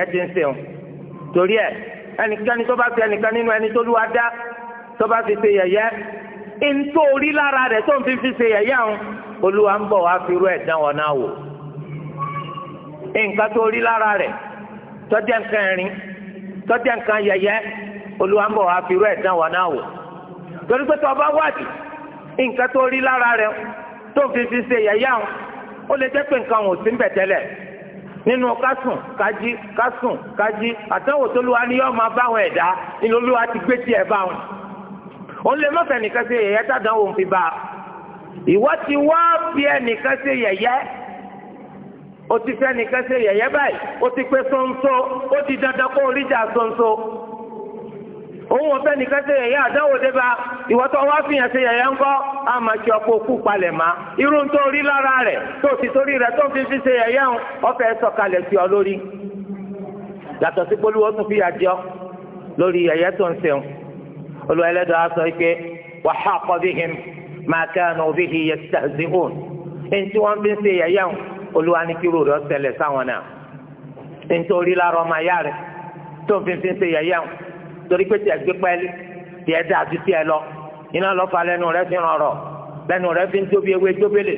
ẹ ń sèwọn torí ẹ ẹnikẹ́ni tó bá fi ẹnìkan nínú ẹni tó lù wá dá tó bá fi ṣe yẹ̀yẹ́ ntòrí lára rẹ̀ tó ń fi fi se yẹ̀yẹ́ àwọn olúwa ń bọ̀ wá fi rú ẹ̀ wọn náà wò nǹkan tó lára nǹkan nǹkan olúwa ń wá fi rú wọn náà wò torí pé fi fi se nínú kásùn kájí kásùn kájí àtẹwò tó lù wá ní yọọ máa bá àwọn ẹ̀dá nínú olúwa ti gbé tiẹ̀ bá wọn. òun lè mọ̀fẹ́ nìkan ṣe yẹ̀yẹ́ tàdán òun fi bá a. ìwọ ti wá fi ẹnìkan ṣe yẹ̀yẹ́ o ti fẹ́ nìkan ṣe yẹ̀yẹ́ báyìí o ti pé ṣóńṣó o ti dandan kó oríjà ṣóńṣó. òun ò nìkan ṣe yẹ̀yẹ́ àdánwò débà ìwọ́tọ̀ wá fìyàn ṣe yẹ̀yẹ́ ńkọ́ àmọ́ ọkọ̀ òkú palẹ̀ má irú tó rí lára rẹ̀ tó ti torí rẹ̀ tó fi fi ṣe yẹ̀yẹ́ ń ọ̀fẹ́ sọ̀kalẹ̀ sí ọ lórí yàtọ̀ sí polówó tún fi àjọ lórí yẹ̀yẹ́ tó ń ṣeun olú ẹlẹ́dọ̀ á sọ pé wa haqa bihim ma kanu bihi torí pé tí ẹ gbé pẹ́ẹ́lí tí ẹ dá àti tí ẹ lọ iná lọ fa lẹ́nu rẹ fi ràn rọ̀ lẹ́nu rẹ fi ń tóbi ewé tóbele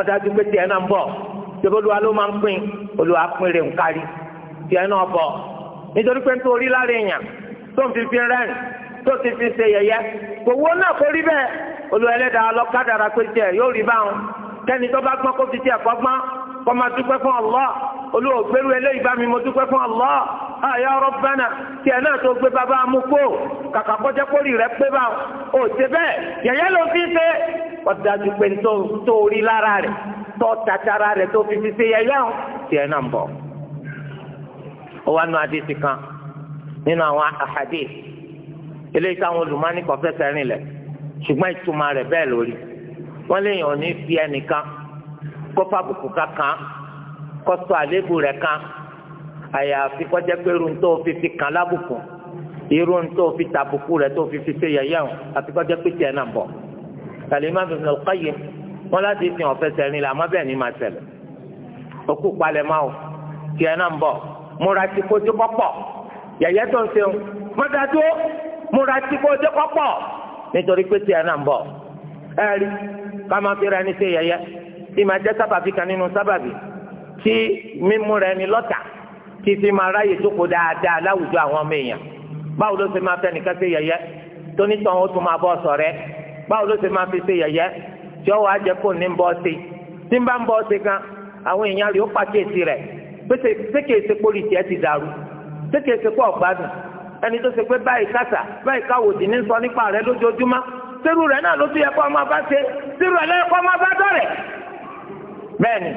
ọ̀dájú pé tí ẹ náà ń bọ̀ tẹ́bọ́lúwa ló máa ń pín olùwà pín rẹ̀ ń kárí tí ẹ náà bọ̀ nítorí pé nítorí lára èèyàn tó ń fi fi rẹ́rìn tó ti fi ṣe yẹ̀yẹ́ kò wọ́n náà kó rí bẹ́ẹ̀ olùwà ẹlẹ́dàá lọ́kadàrà pé tiẹ̀ yóò rí báwọn kẹ́ni tó bá gbọ́n kó fi tiẹ̀ kọ́ gbọ́n kọ́ máa dúpẹ́ fún Allah olóògbérú eléyìí bá mi mo dúpẹ́ fún Allah àyà Rabbana tí ẹ náà tó gbé bàbá amú kó kàkà kọjá kórì rẹ pé bá ò ṣe bẹ́ẹ̀ yẹ̀yẹ́ ló fi ṣe ọ̀dájú pé tó rí lára rẹ̀ tó tàtàrà rẹ̀ tó fi fi ṣe yẹ̀yẹ́ o tí ẹ náà ń bọ̀. ó wá nu adéṣe kan nínú àwọn àhàdé eléyìí táwọn olùmọ́ni kọ́ fẹ́ sẹ́rìn lẹ̀ ṣùgbọ́n ìtumọ̀ rẹ̀ bẹ́ẹ̀ lórí wọ́n léèyàn ò ní fi ẹnìkan kọ́fà bùkù kankan kọ́sọ àléébù rẹ̀ kan àyàfi kọjá pé irun tó fi fi kan lábùkù irun tó fi tàbùkù rẹ̀ tó fi fi ṣe yẹ̀yẹ́ o àfi kọjá pé tiẹ̀ náà bọ̀ Al-Imam Ibn al-Qayyim wọn láti fi hàn fẹsẹ̀ rìn làmọ́ bẹ́ẹ̀ ni màá ṣẹlẹ̀ òkú palẹ̀ máa o tiẹ̀ náà bọ̀ múra tí kò tó kọ́pọ̀ yẹ̀yẹ́ tó ń ṣe o mọ́tàdó múra tí kò tó kọ́pọ̀ nítorí pé tiẹ̀ náà bọ̀ ẹ̀rí ká máa fi ra ẹni ṣe yẹ̀yẹ́ tí máa sábàbí kan nínú sábàbí tí mímú rẹ fi máa ráyè jókòó dáadáa láwùjọ àwọn ọmọ èèyàn báwo ló ṣe máa fẹ́ nìkan ṣe yẹ̀yẹ́ ó tún máa bọ́ ọ̀sọ̀ rẹ báwo ló ṣe máa fi ṣe yẹ̀yẹ́ tí ọwọ́ ajẹ́ kò ní bọ́ ṣe tí ń bá ń bọ́ ṣe gan àwọn èèyàn ti dàrú pékè ṣe pọ̀ gbádùn ẹni tó ṣe pé báyìí kásà báyìí káwòdì ní sọ nípa rẹ̀ lójoojúmọ́ bẹ́ẹ̀ni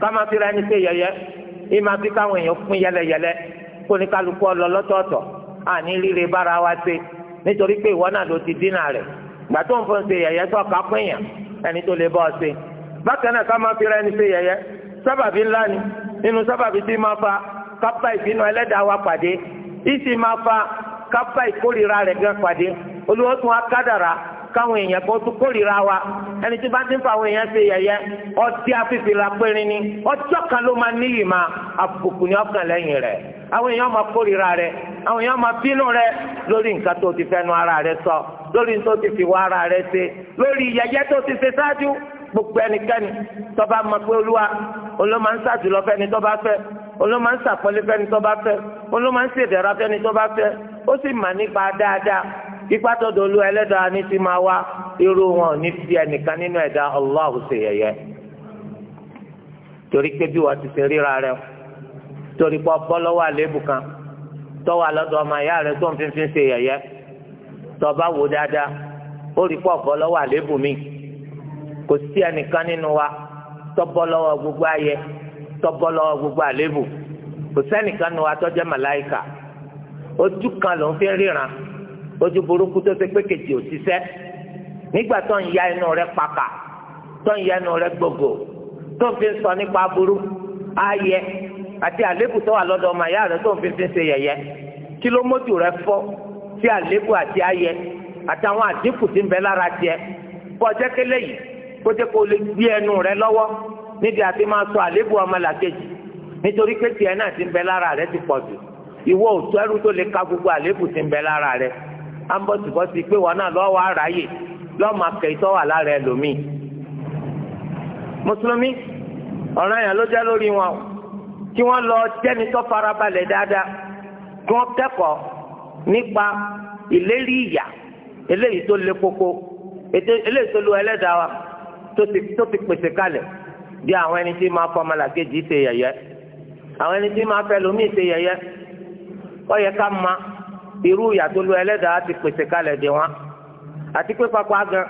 kama fi ra ẹni pé yẹyẹ ìmà fi káwọn èèyàn fún yẹlẹyẹlẹ kó ní kálukú ọlọ lọ́tọ̀ọ̀tọ̀ àní líle bára wa ṣe nítorí pé ìwọ náà ló ti dínà rẹ̀ gbà tó ń ṣe yẹyẹ tó ká pín yàn ẹni tó lè ọ ṣe bákan náà fi ra ẹni pé yẹyẹ sábàbí ńlá ni nínú sábàbí tí fa kápá ìbínú ẹlẹ́dàá wa pàdé ìsì fa kápá ìkórìíra rẹ̀ gan pàdé olùwọ́sùn káwọn èèyàn kó tó kórìíra wa ẹni tí bá ti ń fa àwọn èèyàn ṣe yẹ̀yẹ́ ọtí afífi la péré ni ọjọ́ kan ló máa níyì máa àbùkù ni ọkàn lẹ́yìn rẹ̀ àwọn èèyàn máa kórìíra rẹ̀ àwọn èèyàn máa bínú rẹ̀ lórí nǹkan tó ti fẹnu ara rẹ̀ sọ lórí tó ti fi wá ara rẹ̀ ṣe lórí yẹ̀yẹ́ tó ti ṣe ṣáájú gbogbo ẹnikẹ́ni tó bá pé olúwa olóma ń ṣàjùlọ fẹ́ni tó fẹ́ olóma ń ṣàpọ́nlé fẹ́ni tó fẹ́ olóma ń ṣèdẹ̀ra fẹ́ni tó fẹ́ ó sì mà nípa dáadáa ipa tọ̀dọ̀ olú ẹlẹ́dàá ní ti máa wá irú wọn ní fi ẹnìkan nínú ẹ̀dá Allah ṣe torí pé bí wọ́n ti ṣe ríra rẹ̀ torí pé ọbọ lọ́wọ́ àléébù kan tọwọ àlọdọ ọmọ ìyá rẹ̀ tó ń fífín ṣe tọba wò dáadáa ó rí pé ọbọ lọ́wọ́ mi kò sí ẹnìkan nínú wa lọ́wọ́ gbogbo ayẹ tọbọ lọ́wọ́ gbogbo àléébù kò sẹ́nìkan nínú wa màláìkà ojú kan ló ojú burúkú tó ṣe pé kejì ò ṣiṣẹ́ nígbà tó ń ya inú rẹ pàkà tó ń ya inú rẹ gbogbo tó ń fi sọ nípa burú ayẹ àti àléébù tó wà lọ́dọ̀ ọmọ ìyá rẹ tó ń fi fi ṣe yẹ̀yẹ́ kí ló mójú rẹ fọ́ sí àléébù àti ayẹ àtàwọn àdínkù tí ń bẹ lára tiẹ̀ kọjá kélé yìí kó jẹ́ kó lè gbé ẹnu rẹ lọ́wọ́ níbi àti máa sọ àléébù ọmọlàkejì nítorí pé tiẹ̀ náà ti ń bẹ lára rẹ ti pọ̀ jù ìwọ òtú ẹrú tó lè ka gbogbo àléébù ti ń bẹ lára rẹ á ń bọ́ tìbọ́ sí pé wọn náà lọ́wọ́ aráyè lọ́ọ́ máa kẹ́ ìtọ́ wà lára ẹlòmíì mùsùlùmí ọ̀ràn yẹn ló jẹ́ lórí wọn kí wọ́n lọ jẹ́ni tó farabalẹ̀ dáadáa kí wọ́n kẹ́kọ̀ọ́ nípa ìlérí ìyà eléyìí tó le koko eléyìí tó lu ẹlẹ́dàá wa tó ti pèsè kalẹ̀ bí àwọn ẹni tí máa fọmọ làkejì ṣe yẹ̀yẹ́ àwọn ẹni tí máa fẹ́ lomi ṣe yẹ̀yẹ́ ó yẹ ká máa irú ìyàtọ̀lù ẹlẹ́dàá ti pèsè kalẹ̀ dè wọn àti pé papọ̀ agan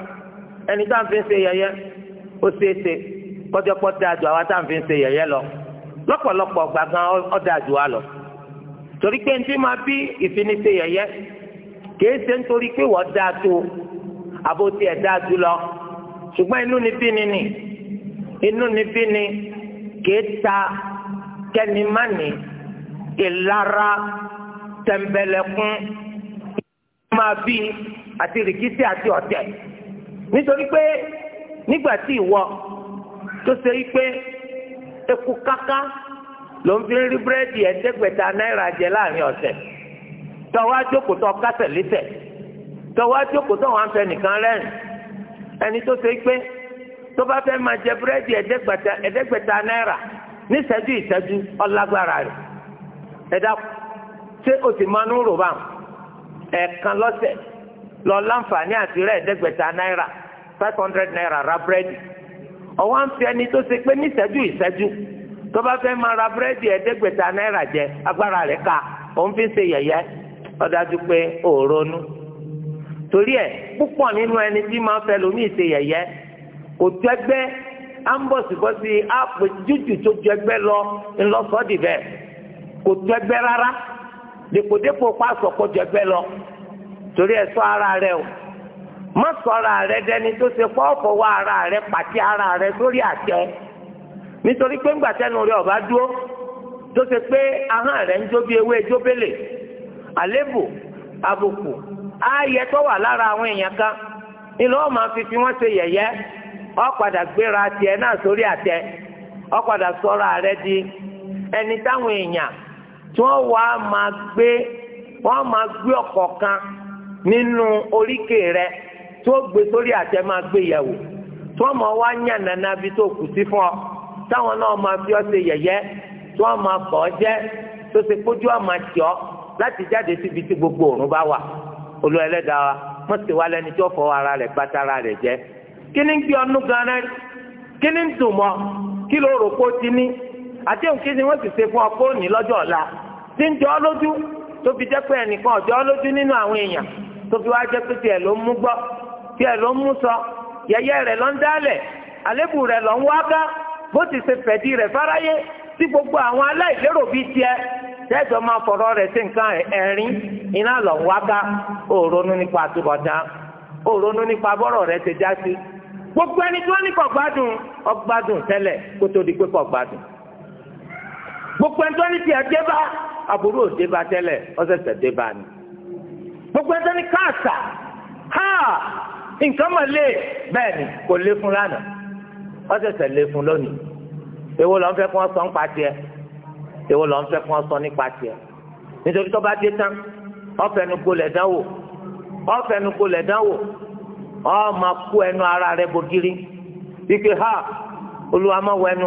ẹni tá à ń fi ń ṣe yẹ̀yẹ́ ó ṣeé ṣe kọjọpọ̀ dáa ju àwa tá à ń fi ń ṣe yẹ̀yẹ́ lọ lọ́pọ̀lọpọ̀ gbàgán ó dáa ju wa lọ torí pé ntí máa bí ìfiniṣe yẹ̀yẹ́ kìí ṣe nítorí pé wọ́n dáa tó àbò tiẹ̀ dáa jù lọ ṣùgbọ́n inú ni bí ni nì inú ni bí ni kìí ta kẹ́ni má ní ìlara tẹ̀m̀bẹ̀lẹ̀kún máa bí àti rìkísí àti ọ̀tẹ̀ nítorí pé nígbà tí ìwọ tó ṣe yí pé eku káká ló ń fi rí búrẹ́dì ẹ̀ẹ́dẹ́gbẹ̀ta náírà jẹ láàrin ọ̀sẹ̀ tọwọ́ àjókòtò kásẹ̀ lẹ́sẹ̀ tọwọ́ àjókòtò wọn fẹ́ nìkan rẹ́rìn ẹni tó ṣe pé tó bá fẹ́ máa jẹ búrẹ́dì ẹ̀ẹ́dẹ́gbẹ̀ta náírà níṣẹ́jú ìṣẹ́jú ọlágbára rẹ̀ ẹ̀dá kù ṣé o ti máa ń rò bá ẹ̀ẹ̀kan lọ́sẹ̀ lọ láǹfààní àti rẹ̀ ẹ̀ẹ́dẹ́gbẹ̀ta náírà five hundred naira ra búrẹ́dì ọwọ́ à ń fi ẹni tó ṣe pé ní ìṣẹ́jú ìṣẹ́jú tó bá fẹ́ máa ra búrẹ́dì ẹ̀ẹ́dẹ́gbẹ̀ta náírà jẹ agbára rẹ̀ ká òun fi ń ṣe yẹ̀yẹ́ ó dájú pé ò ronú torí ẹ̀ púpọ̀ nínú ẹni tí máa fẹ́ lómi ìṣe yẹ̀yẹ́ kò tó ẹgbẹ́ à ń bọ̀ síbọ̀ sí áàpù jújù tó ju ẹgbẹ́ lọ bẹ́ẹ̀ kò rárá dèpòdèpò pa sọ̀kòjọ ẹgbẹ́ lọ torí ẹ sọ ara rẹ o má sọ ara rẹ dẹni tó ṣe fọ́ọ̀fọ̀ wá ara rẹ pàtí ara rẹ sórí àtẹ nítorí pé ńgbà tẹnu rẹ ọba dúró tó ṣe pé ahọ́n rẹ ń jó bí ewé jóbélé àlébù àbùkù ààyè tó wà lára àwọn èèyàn kan ìlú fi fífi wọn ṣe yẹ̀yẹ́ ọ padà gbéra tiẹ̀ náà sórí àtẹ ọ padà sọra rẹ di ẹni táwọn èèyàn tí wọ́n wá máa gbé wọ́n máa nínú oríkèé rẹ tí wọ́n gbé sórí àtẹ máa gbé yẹ̀wò tí wọ́n máa wá yàn nana bí tó kù sí fún ọ táwọn náà máa fi ọ́ ṣe yẹ̀yẹ́ tí wọ́n máa jẹ́ tó ṣe tì gbogbo bá wà olú ẹlẹ́dàá wa tí wọ́n jẹ́ kí ni gbé gan rẹ kí ni dùn àdéhùn kí ni wọ́n sì ṣe fún ọ kó ní lọ́jọ́ ọ̀la tí ń jọ ọ́ lójú tó fi jẹ́ pé ẹnìkan ọ̀jọ́ ọ́ lójú nínú àwọn èèyàn tó fi wá jẹ́ pé tiẹ̀ ló ń mú gbọ́ tiẹ̀ ló ń mú sọ yẹ̀yẹ́ rẹ̀ ló ń dálẹ̀ àlébù rẹ̀ ló ń wá bá bó ti ṣe fẹ̀dí rẹ̀ fáráyé tí gbogbo àwọn aláìlérò bíi tiẹ̀ tẹ́jọ́ máa fọ̀rọ̀ rẹ̀ sí nǹkan ẹ̀rín iná ló ń wá bá òronú nípa àtúbọ̀tán òronú nípa bọ́rọ̀ rẹ̀ ti já sí gbogbo ẹni tí wọ́n ní kọ̀ ọgbádùn tẹ́lẹ̀ kó tó di pé kọ̀ gbogbo ẹni tó ní tiẹ̀ dé bá aburú òde bá tẹ́lẹ̀ ọ̀sẹ̀sẹ̀ dé bá ni gbogbo ẹni tó ní káàsà ha nǹkan mọ̀ lé bẹ́ẹ̀ ni kò lé fún lánàá ọ̀sẹ̀sẹ̀ lé fún lónìí èwo lọ́n fẹ́ kí wọ́n sọ nípa tiẹ̀ èwo lọ́n fẹ́ kí wọ́n sọ nípa tiẹ̀ nítorí tó bá dé tán ọ̀fẹ́nugbo lẹ̀ dánwò ọ̀fẹ́nugbo lẹ̀ dánwò ọ̀ máa kó ẹnu ara rẹ bogiri wípé ha olúwa máa wọ ẹnu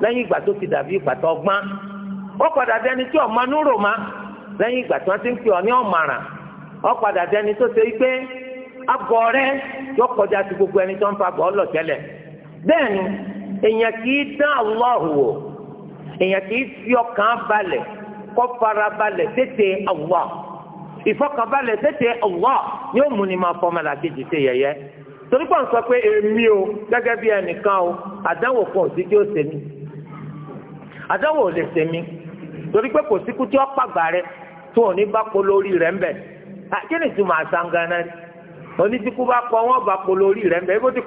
lẹ́yìn ìgbà tó ti dàbí ìgbà tó gbọ́n ó padà dẹni tí ọmọ ma rò má lẹ́yìn ìgbà tí wọ́n ti ń pè ọ́ ní ọ̀màràn ó padà dẹni tó ṣe pé abọ́ rẹ yóò kọjá sí gbogbo ẹni tó ń fa bọ́ lọ tẹ́lẹ̀ èèyàn kì í dán wò tètè ìfọkànbalẹ̀ tètè yóò mú ni máa torí pọ̀ sọ pé èmi o gẹ́gẹ́ bí ẹnìkan o àdánwò kan ò àdánwò ò lè ṣe mí torí pé kò síkú tí ó pàgbà rẹ tó ní bá kó lórí rẹ ń bẹ kí ni ìtumọ̀ àsanganá rí onídìkú bá pọ wọn bá po lórí rẹ ń bẹ ebó ti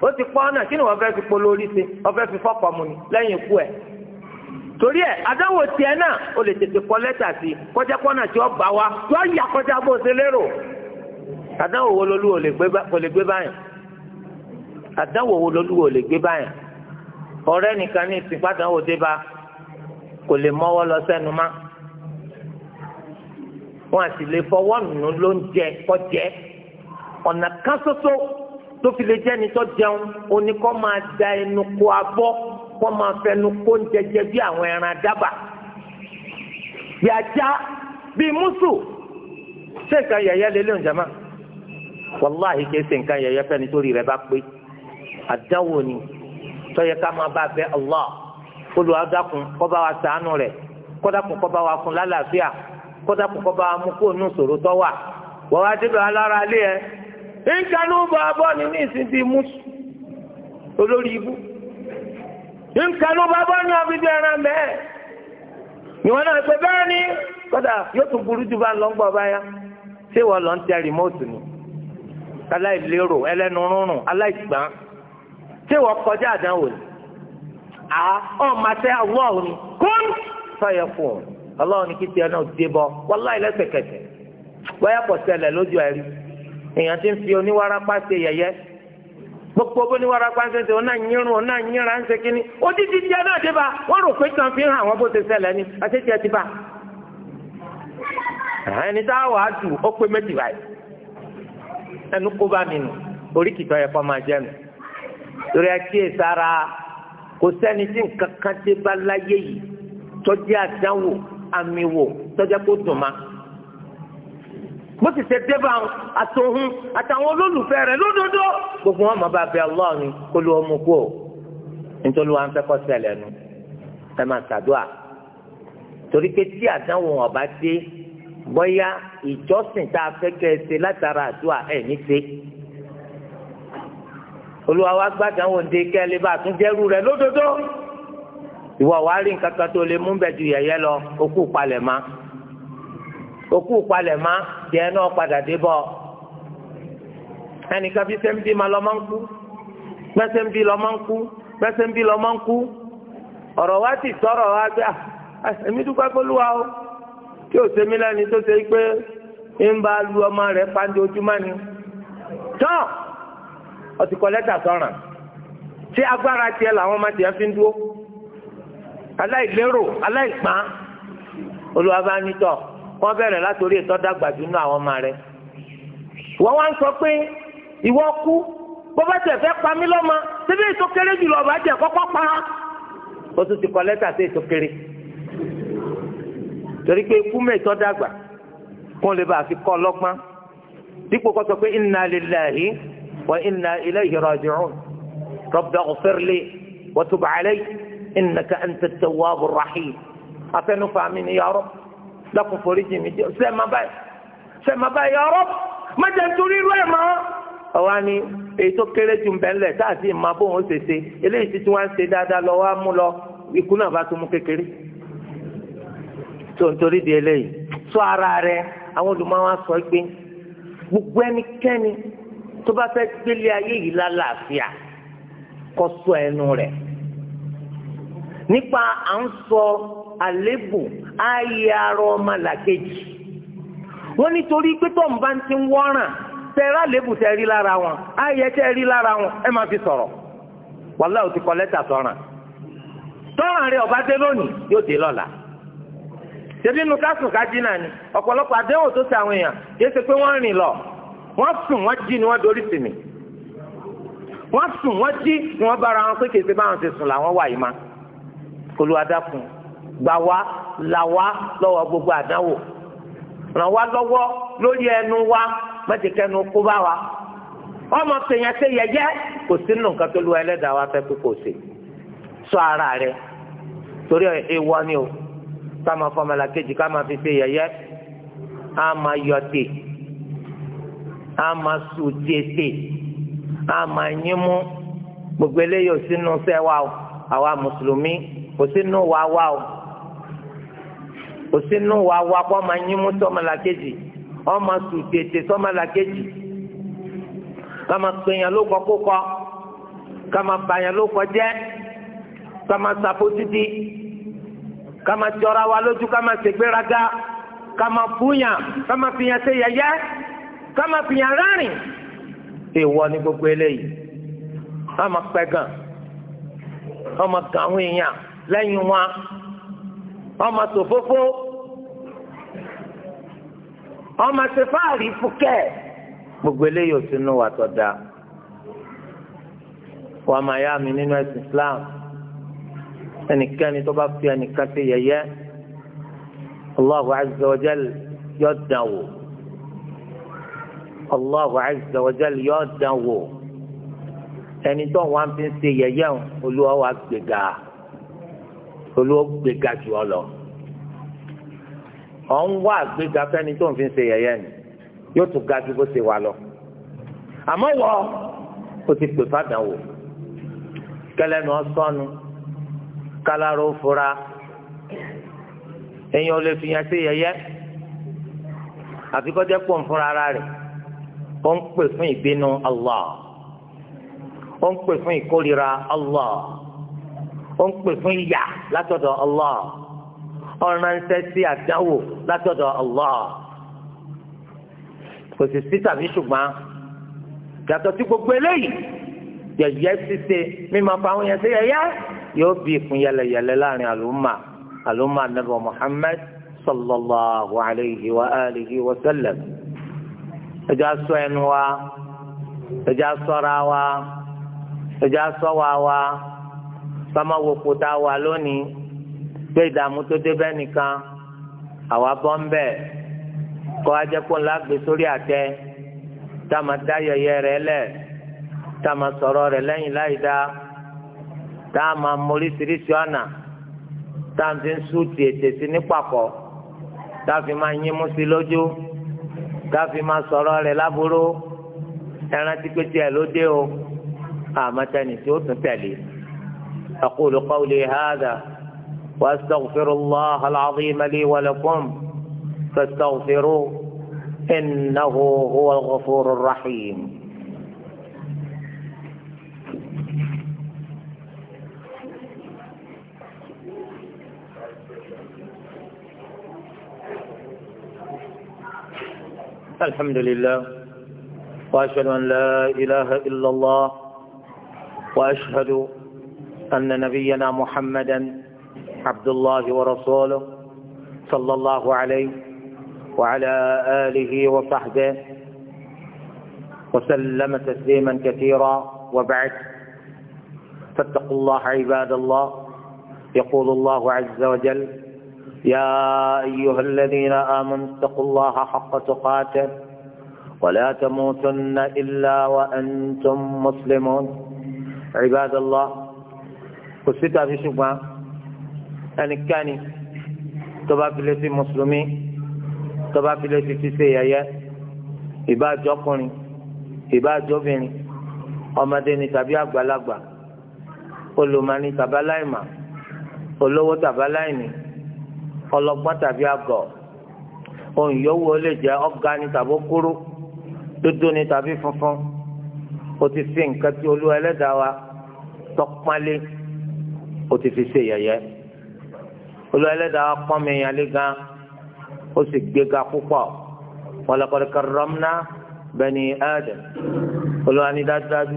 ó ti pọ kí ni wọ́n fẹ́ fi kó lórí sí wọ́n torí ẹ náà kọ lẹ́tà sí kọjá tí ó wa yà kọjá bó ṣe lérò wo lè ọ̀rẹ́ nìkan ní ìsìn pàdánwò débá kò lè mọ́wọ́ lọ sẹ́nu má wọn àti lè fọwọ́ nù ló ń jẹ kọjẹ ọ̀nà kan ṣoṣo tó fi lè jẹ́ni tó jẹun oní kọ́ máa da ẹnu kó abọ́ kọ́ máa fẹnu kó ń jẹjẹ bí àwọn ẹran dábà bí ajá mùsù ṣé nǹkan yẹ̀yẹ́ lé lóun jama wàláhì kìí ṣe nǹkan yẹ̀yẹ́ fẹ́ni tó rí rẹ̀ bá pé àdáwò ni. tọ́yẹ ká máa bá bẹ Allah olùwàdàkùn kọ́ba wa ṣàánú rẹ̀ kọ́dàkùn kọ́ba wa fún lálàáfíà kọ́dàkùn kọ́ba wa mú kó nù sòrò tọ́ wà wọ́n wá débẹ̀ alára alé ẹ̀ nkanú bọ̀ abọ́ ni ní ìsìn ti mú olórí ibú nkanú bọ̀ abọ́ ni wọ́n fi di ẹran mẹ́ẹ̀ ìwọ́n náà pé bẹ́ẹ̀ ni kọ́dà yóò tún burú jù bá ń lọ ń gbọ́ báyà ṣé wọ́n lọ ń tẹ rìmọ́ọ̀tù ni aláìlérò ẹlẹ́nu rúnrún aláìgbọ́n ṣé wọ́n kọjá àdánwò ni à ọ̀ma ṣe kún sọ̀yẹ̀ fún ọ ọlọ́run ní kí tiẹ̀ náà dé bọ́ wàláì lẹ́sẹ̀kẹsẹ̀ bóyá pọ̀ sẹlẹ̀ lójú ẹ̀rí èèyàn ti ń fi oníwárápá ṣe yẹ̀yẹ́ gbogbo oníwárápá ṣe ṣe ọ̀nà yírun ọ̀nà yíran ṣe kínní odidi tiẹ̀ náà dé bá wọ́n rò pé kàn fi hàn àwọn bó ṣe ṣẹlẹ̀ ni àti tiẹ̀ ti bá ẹni tá a wàá dù ó pé méjì báyìí ẹnu kó bá mi nù oríkìtọ́ yẹ máa jẹ́ nù. torí akíyè sára kò sẹ́ni tí nǹkan kan dé bá láyé yìí tọ́jú àdánwò àmì wò tọ́jú kó dùn ma. bó ti ṣe dé bá àtòhun àtàwọn olólùfẹ́ rẹ̀ lódodo gbogbo wọn mọ̀ bá bẹ Allah ni kó ló mú kú o nítorí wọn fẹ́ kọ́ ṣẹlẹ̀ nu ẹ máa ṣàdúà torí pé tí àdánwò ọba dé bóyá ìjọsìn tá a fẹ́ kẹ́ ẹ ṣe látara àdúà ẹ̀ ní ṣe olúwa wa gbàdán wò dé kẹ́ lè bá a tún jẹ́rú rẹ̀ lódodo ìwọ wàá rí nǹkan kan tó lè mú bẹ́ẹ̀ ju yẹ̀yẹ́ lọ okú palẹ̀ má okú palẹ̀ má jẹ́ náà padà dé bọ́ ẹnìkan bí sẹ́ńbí ma lọ́ ń kú gbẹ́sẹ̀ńbí lọ́ ń kú gbẹ́sẹ̀ńbí lọ́ ń kú ọ̀rọ̀ wa ti tọrọ wa gbà ẹ̀mí dúpẹ́ pẹ́lúwa o tí ò sẹ́mi lẹ́ni tó ṣe pé ń bá lu ọmọ rẹ̀ pàǹdé ojúmọ́ ni tán ó ti kọ lẹ́tà sọ̀ràn tí agbára tiẹ̀ làwọn ọmọ tiẹ̀ fi ń dúró aláìlérò aláìpán olúwa bá ní tọ̀ wọ́n bẹ̀rẹ̀ látòrí ìtọ́dàgbà jùlọ àwọn ọmọ rẹ̀ wọ́n wá ń sọ pé ìwọ kú bọ́bá tẹ̀ fẹ́ pa mí lọ́mọ síbi ètò kéré jùlọ ọ̀bá tẹ̀ kọ́kọ́ pa á ó tún ti kọ lẹ́tà sí ètò kéré torí pé ikú mẹ́tọ́ dàgbà kó lè bá a fi kọ́ ọlọ́gbọ́n dípò kó sọ pé inna lillahi. وإنا إليه راجعون رب اغفر لي وتب علي إنك أنت التواب الرحيم أتنفع مني يا رب لكم فريجي من سلم باي سلم باي يا رب ما جنتوري ريما àwa ni èyí tó kéré ju bẹ́ńlẹ̀ tá a sì máa bóun ó ṣe ṣe eléyìí tí wọ́n ń ṣe dáadáa lọ wá mú lọ ikú náà bá tún mú kékeré tó ń torí di eléyìí sọ ara rẹ àwọn olùmọ̀ wa sọ pé gbogbo ẹnikẹ́ni tó bá fẹ́ gbélé ayé yìí lálàáfíà kó sọ ẹnu rẹ̀ nípa à ń sọ àlébù ayé arọ ọmọlàkejì wọ́n nítorí pé tó ń bá ń ti wọ́ràn tẹ̀rẹ́ àlébù tẹ́ rí lára wọn ayé tẹ́ rí lára wọn ẹ máa fi sọ̀rọ̀ wàhálà ò ti kọ́ lẹ́tà sọ̀ràn tọ́ràn rẹ̀ ọba dé lónìí yóò dé lọ́la ṣebí inú ká sùn ni ọ̀pọ̀lọpọ̀ àdéhùn tó ti àwọn èèyàn yé ṣe pé wọ́n rìn lọ wọ́n sùn wọ́n jí ni wọ́n dorí sí mi wọ́n sùn wọ́n jí ni wọ́n bára wọn pé kèsì báwọn ti sùn làwọn wà yìí má olùwàdàkùn gbà wá là wá lọ́wọ́ gbogbo àdánwò ràn wá lọ́wọ́ lórí ẹnu wa mẹ́tẹ̀kẹ́nu kó bá wa ọmọ sèyàn ṣe yẹyẹ kò sí nù nǹkan tó lu ẹlẹ́dàá wa fẹ́ pé kò sí sọ ara rẹ torí ewọ ni o ká máa fọmọlá kejì ká máa fi ṣe yẹyẹ á máa yọ tè ama sùn tiẹ̀tiẹ̀ ama nyimu gbogbo eléyìí ò sínú sẹ́ wa o àwa mùsùlùmí kò sínú wa wa o kò sínú wa wa kó ọmọ nyimu sọmọlàkejì ọmọ sùn tiẹ̀tiẹ̀ sọmọlàkejì kama pènyàn ló kọ kó kọ kama bàyàn ló kọ jẹ́ kama sàpótìtì kama jọra wa lójú kama ṣègbéraga kama fúnyà kama fìyàn ṣe yẹ̀yẹ́. ká fìyàn rárìn èèwọ ni gbogbo eléyìí wọn máa gan gan àwọn èèyàn wọn gbogbo eléyìí ò sínú wa tọ dáa wàá máa yá mi nínú ẹ̀sìn Islam fi Allahu azza wa jal dàn Allahu azza wa jal yọ wo. wò ẹni tó wọn fi ń ṣe yẹ̀yẹ́ ń olúwa wa gbéga olúwa gbéga jù ọ lọ ọ ń wá gbéga fẹ́ni tó ń fi ń ṣe yẹ̀yẹ́ ni yóò tún ga ju bó ṣe wà lọ àmọ́ wọ o ti pè fàdà wò kẹlẹnu ọsọnu kálárò fura èèyàn ò lè fi yàn sí yẹ̀yẹ́ àfikọ́jẹ́ pọ̀ ń fúnra ara rẹ̀ ó ń pè fún ìbínú allah ó ń pè fún ìkórira allah ó ń pè fún ìyà látọ̀dọ̀ allah ó ránṣẹ́ sí àdáwò látọ̀dọ̀ allah kò sì sí tàbí ṣùgbọ́n yàtọ̀ sí gbogbo eléyìí yẹ̀yẹ́ ṣíṣe mímọ pa yẹn sí yẹ̀yẹ́ yóò bí ìkún yẹlẹyẹlẹ láàrin àlùmà àlùmà nàbọ muhammed sallallahu alayhi wa alihi wa sallam ẹjọ́ sọ ẹnu wa ẹjọ́ sọ́ra wa ẹjọ́ sọ́wà wa sọ́mọ́ wòkú tá a wà lónìí gbé ìdààmú tó dé bẹ́ẹ̀ nìkan àwa bọ́ ń bẹ̀ kọ́ ajẹ́pọ̀ ńlá gbé sórí àtẹ tá a máa dá yẹyẹ rẹ lẹ̀ tá a máa sọ̀rọ̀ rẹ lẹ́yìn láì dá tá a máa móríṣiríṣi ọ̀nà tá a fi ń sùn tìètè sí ní pàkọ́ tá a fi máa yín mú sí lójú káfí máa sọ̀rọ̀ rẹ̀ láburú ẹran tí pété ẹ̀ ló dé o àmọ́tẹ́ni tí ó tún tẹ̀lé أقول قولي هذا وأستغفر الله العظيم لي ولكم فاستغفروه إنه هو الغفور الرحيم الحمد لله وأشهد أن لا إله إلا الله وأشهد أن نبينا محمدا عبد الله ورسوله صلى الله عليه وعلى آله وصحبه وسلم تسليما كثيرا وبعد فاتقوا الله عباد الله يقول الله عز وجل يا أيها الذين آمنوا اتقوا الله حق تقاته ولا تموتن إلا وأنتم مسلمون عباد الله قصيتها في شبه أن كان تباك لسي مسلمين تباك لسي في سيئة إبا جوكني إبا جوبيني أمديني تبيع بلغبا قلوا ماني تبالايما قلوا تبالايني ọlọ́gbọ́n tàbí àgọ̀ ohun yòówù ó lè jẹ́ ọ̀gá ni tàbí kúrú dúdú ni tàbí funfun o ti fi nǹkan tí olú ẹlẹ́dàá wa tọ́pọ́nlé o ti fi ṣe yẹ̀yẹ́ olú ẹlẹ́dàá wa pọ́n mi yàn lé gan ó sì gbéga púpọ̀ walaqad karramna bani Adam olúwa ní dájúdájú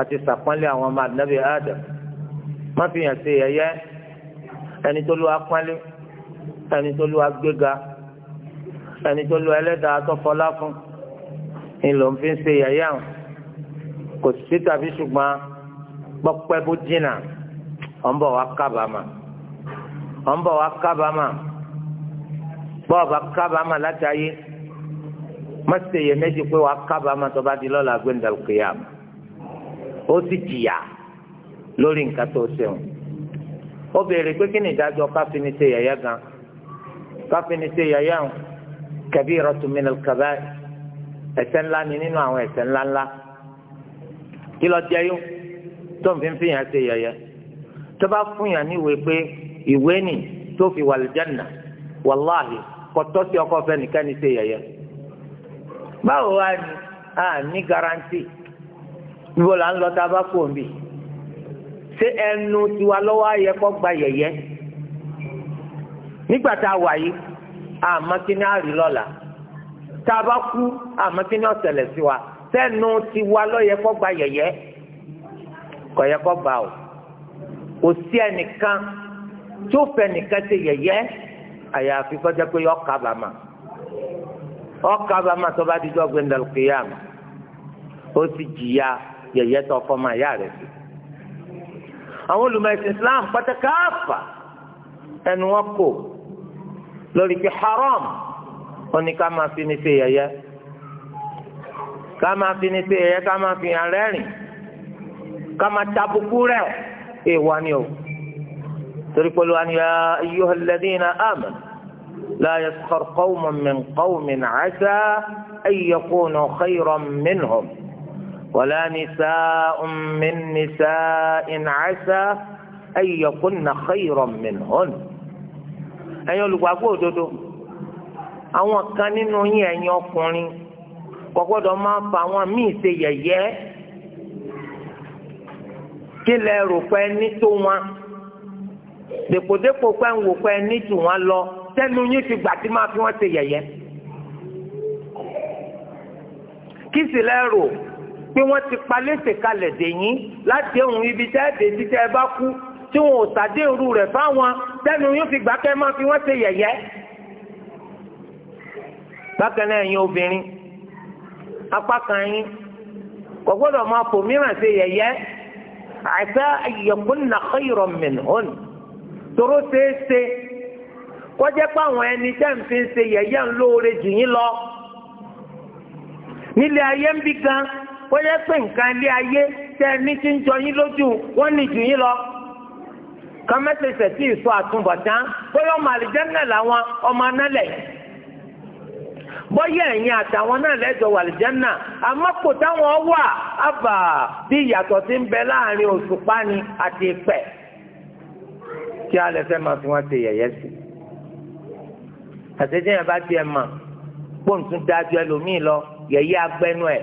àti sàpọ́nlé àwọn ọmọ àdínábì Adam má fi yàn ṣe yẹ̀yẹ́ ẹni tó lù apọ́nlé ẹni tó lu agbéga ẹni tó lu ẹlẹ́dàá tọ́fọlá fún ni ló ń fi ṣe yẹ̀yẹ́ àwọn kò sí tàbí ṣùgbọ́n pọ́pẹ́ bó jìnnà ọ̀ ń bọ̀ wá kábàámà ọ̀ ń bọ̀ wá kábàámà bọ́ọ̀bà kábàámà láti ayé má ṣe iyèméjì pé wàá kábàámà tó bá di lọ́la gbẹ̀ndàlùkìyàmù ó sì jìyà lórí nǹkan tó ṣeun ó béèrè pé kí ni ìdájọ́ káfíńtì ṣe yẹ̀yẹ́ gan-an káfíńtì ṣe yàyà ń kabiratun min al-kaba'ir ẹ̀ṣẹ̀ ńlá ni nínú àwọn ẹ̀ṣẹ̀ ńlá ńlá kí lọ jẹ yó tó ń fi fi yàn ṣe yàyà tó bá fún yàn níwèé pé ìwé nì tó fi wà lìjánà wàláhì kọtọ́ sí ọkọ fẹ́ nìkan ṣe yàyà báwo wá ní a ní garanti níbo là ń lọ tá a bá kó o bì ṣé ẹnu tiwa lọ́wọ́ ayẹ kọ́ gba yẹ̀yẹ́ nígbà tá a wà yìí àmọ́ kí a rí lọ́la tá a bá kú àmọ́ kí ni ó ṣẹlẹ̀ sí wa sẹ́nu ti wa lọ́yẹ kó gba yẹ̀yẹ́ kò yẹ kó gbà o kò sí ẹnìkan tó fẹ́ nìkan ṣe yẹ̀yẹ́ àyàfi kọjá pé yọ kábàámà ọ kábàámà tó bá dijọ́ gbẹndàlùkìyàmù ó sì jìyà yẹ̀yẹ́ tó fọ́ máa yá rẹ̀ sí àwọn olùmọ̀ ẹ̀sìn Islam pátákáàfà ẹnu wọn kò lórí pé haram ó ní ká máa fi ní ṣe yẹ̀yẹ́ ká máa fi ní ṣe yẹ̀yẹ́ ká máa fi hàn rẹ́rìn ká máa tabukú rẹ̀ èèwọ̀ ni o torí pé olúwa ni ya ayyuhal ladhina amanu la yaskhar qawmun min qawmin asa an yakunu khayran minhum wala nisa'un min nisa'in asa an yakunna khayran minhun ẹ̀yin olùgbàgbọ́ òdodo àwọn kan nínú yín ẹ̀yin ọkùnrin kò gbọ́dọ̀ máa fa àwọn míì ṣe yẹ̀yẹ́ kí lẹ rò pé ní tó wọn dèpòdépò pé ń wò pé ní jù wọn lọ tẹnu yín ti gbà tí máa fi wọn ṣe yẹ̀yẹ́ kí sì lẹ rò pé wọn ti palẹ́sẹ̀ kalẹ̀ dè yín láti ẹ̀hún ibi tẹ́ ẹ̀ dé títẹ́ ẹ bá kú tí wọn ò sàdé irú rẹ̀ fáwọn tẹnu yóò fi gbà fi wọ́n ṣe yẹ̀yẹ́. bákan náà ẹ̀yin obìnrin apá kan yín kò gbọ́dọ̀ máa fò mìíràn ṣe yẹ̀yẹ́ ṣeéṣe kọjá pé àwọn ẹni tẹ́ ń fi ṣe yẹ̀yẹ́ ń lóore jù yín lọ nílé ayé ń bí gan kọjá pé nǹkan ilé ayé ń jọ yín lójú n'i jù yín lọ. kán mẹ́tẹ̀ẹ̀sẹ̀ tí ìsọ àtúbọ̀tán bóyá ọmọ àlìjẹ́nà làwọn ọmọ análẹ̀ bóyá ẹ̀yin àtàwọn náà lẹ́jọ́ wà àlìjẹ́nà àmọ́ kò táwọn wà ábà bí ìyàtọ̀ ti ń bẹ láàrin òṣùpá ni àti ìpẹ́ kí alẹ́ fẹ́ máa fi wọ́n ṣe yẹ̀yẹ́ sí àtẹ̀jẹ́ yẹn bá tiẹ̀ mọ̀ pọ́ǹtún dájú ẹlòmíì lọ yẹ̀yẹ́ agbẹ́nu ẹ̀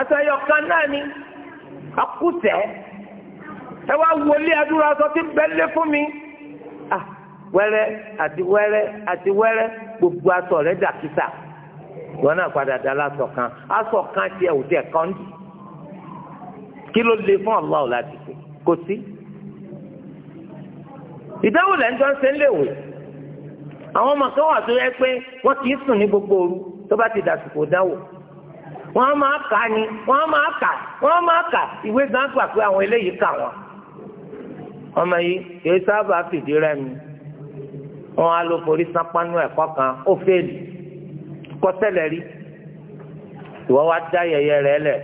aṣọ ẹyọ kan náà ni akútẹ ẹ wá wọlé àdúrà aṣọ tí bẹlẹ fún mi wẹ́rẹ́ àti wẹ́rẹ́ àti wẹ́rẹ́ gbogbo aṣọ rẹ̀ dàkítà wọn náà padà dá aṣọ kan aṣọ kan tiẹ̀ ò tiẹ̀ kàn dì kí ló lè fún Allah láti pè kò sí. ìdáhùn lẹ́ńtọ́ ń ṣe ń léwè àwọn ọmọ kan wà tó yẹ pé wọ́n kì í sùn ní gbogbo òru tó bá ti dàsìkò dáwò wọ́n máa kà ni wọ́n máa kà wọ́n máa kà ìwé gan gbà pé àwọn eléyìí kà wọ́n. ọmọ yìí kìí sábà fìdí rẹmi wọn á lọ forí sápánú ẹ̀kọ́ kan ó fẹ́ẹ̀lì kọ́tẹ́lẹ̀ rí ìwọ wá dá yẹyẹ rẹ lẹ̀